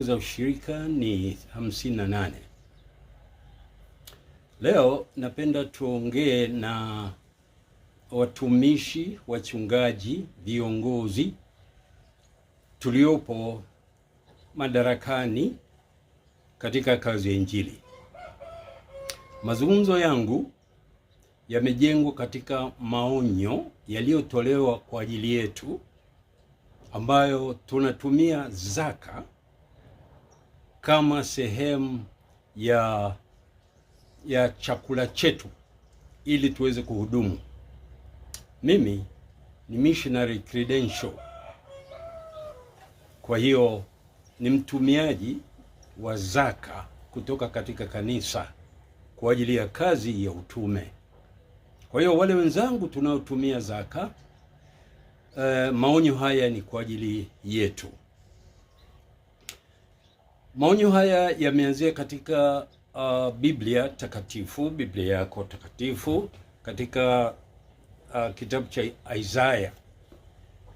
za ushirika ni 58. Leo napenda tuongee na watumishi, wachungaji, viongozi tuliopo madarakani katika kazi ya Injili. Mazungumzo yangu yamejengwa katika maonyo yaliyotolewa kwa ajili yetu ambayo tunatumia zaka kama sehemu ya ya chakula chetu ili tuweze kuhudumu. Mimi ni missionary credential, kwa hiyo ni mtumiaji wa zaka kutoka katika kanisa kwa ajili ya kazi ya utume. Kwa hiyo wale wenzangu tunaotumia zaka, eh, maonyo haya ni kwa ajili yetu. Maonyo haya yameanzia katika uh, Biblia takatifu, Biblia yako takatifu katika uh, kitabu cha Isaya.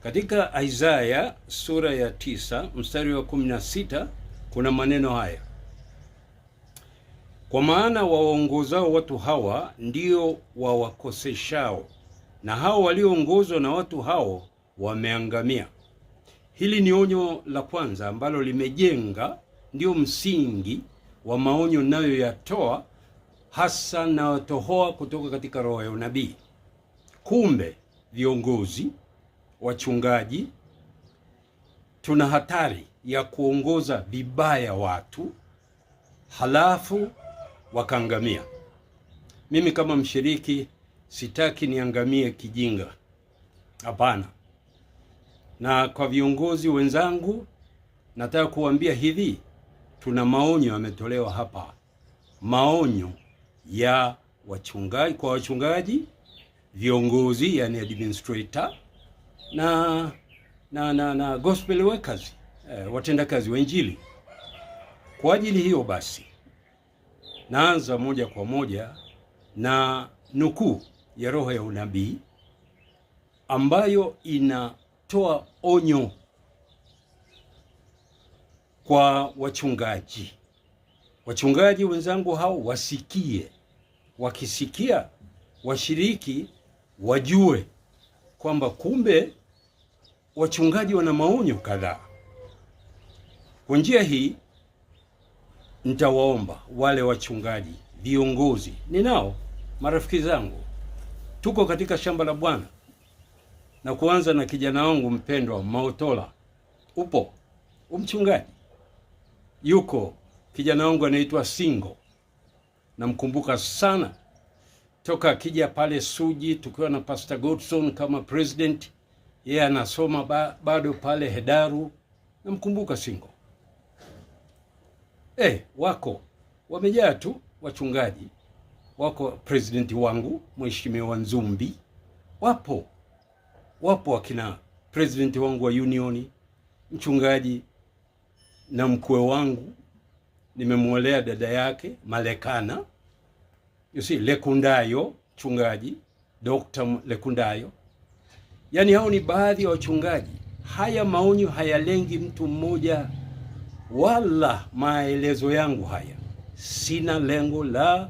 Katika Isaya sura ya tisa mstari wa kumi na sita kuna maneno haya: kwa maana wawaongozao watu hawa ndio wawakoseshao, na hao walioongozwa na watu hao wameangamia. Hili ni onyo la kwanza ambalo limejenga ndio msingi wa maonyo nayoyatoa hasa natohoa kutoka katika roho ya unabii. Kumbe viongozi, wachungaji, tuna hatari ya kuongoza vibaya watu halafu wakaangamia. Mimi kama mshiriki sitaki niangamie kijinga, hapana. Na kwa viongozi wenzangu nataka kuambia hivi tuna maonyo yametolewa hapa, maonyo ya wachungaji kwa wachungaji, viongozi, yani administrator na na, na, na gospel workers eh, watendakazi wa Injili. Kwa ajili hiyo basi, naanza moja kwa moja na nukuu ya roho ya unabii ambayo inatoa onyo kwa wachungaji. Wachungaji wenzangu hao wasikie, wakisikia washiriki wajue kwamba kumbe wachungaji wana maonyo kadhaa. Kwa njia hii nitawaomba wale wachungaji viongozi ninao, marafiki zangu, tuko katika shamba la Bwana na kuanza na kijana wangu mpendwa Maotola, upo umchungaji yuko kijana wangu anaitwa Singo, namkumbuka sana toka akija pale Suji tukiwa na Pastor Godson kama president, yeye anasoma ba, bado pale Hedaru. Namkumbuka Singo. Eh, wako wamejaa tu wachungaji wako, president wangu mheshimiwa Nzumbi, wapo wapo, wakina president wangu wa unioni, mchungaji na mkwe wangu nimemwolea dada yake Malekana you see, Lekundayo mchungaji Dr. Lekundayo. Yaani hao ni baadhi ya wa wachungaji. Haya maonyo hayalengi mtu mmoja wala maelezo yangu haya, sina lengo la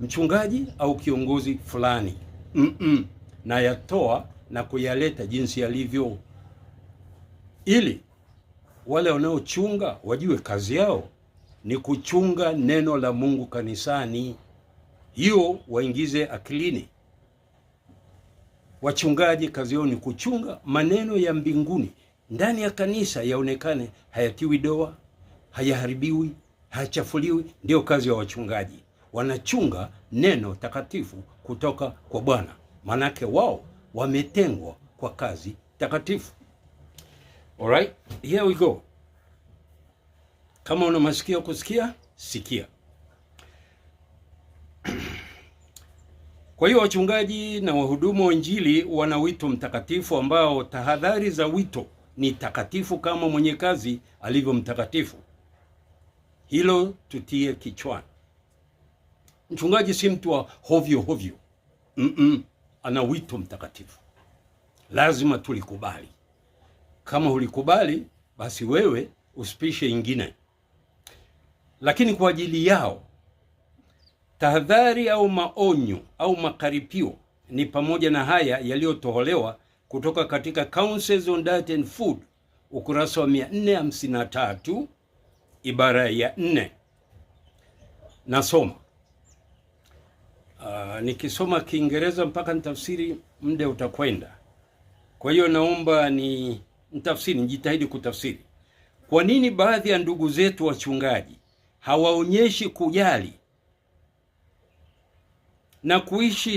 mchungaji au kiongozi fulani mm -mm. Nayatoa na kuyaleta jinsi yalivyo ili wale wanaochunga wajue kazi yao ni kuchunga neno la Mungu kanisani. Hiyo waingize akilini. Wachungaji kazi yao ni kuchunga maneno ya mbinguni ndani ya kanisa, yaonekane hayatiwi doa, hayaharibiwi, hayachafuliwi. Ndiyo kazi ya wachungaji, wanachunga neno takatifu kutoka kwa Bwana, manake wao wametengwa kwa kazi takatifu. All right, here we go. Kama una masikio kusikia, sikia. Kwa hiyo wachungaji na wahudumu wa Injili wana wito mtakatifu ambao tahadhari za wito ni takatifu kama mwenye kazi alivyo mtakatifu. Hilo tutie kichwani. Mchungaji si mtu wa hovyo hovyo. Mm -mm, ana wito mtakatifu, lazima tulikubali. Kama ulikubali basi wewe usipishe ingine lakini kwa ajili yao tahadhari au maonyo au makaripio ni pamoja na haya yaliyotoholewa kutoka katika Councils on Diet and Food ukurasa wa 453 ibara ya 4. Nasoma uh, nikisoma Kiingereza mpaka nitafsiri, muda utakwenda. Kwa hiyo naomba ni nitafsiri, nijitahidi kutafsiri. Kwa nini baadhi ya ndugu zetu wachungaji hawaonyeshi kujali na kuishi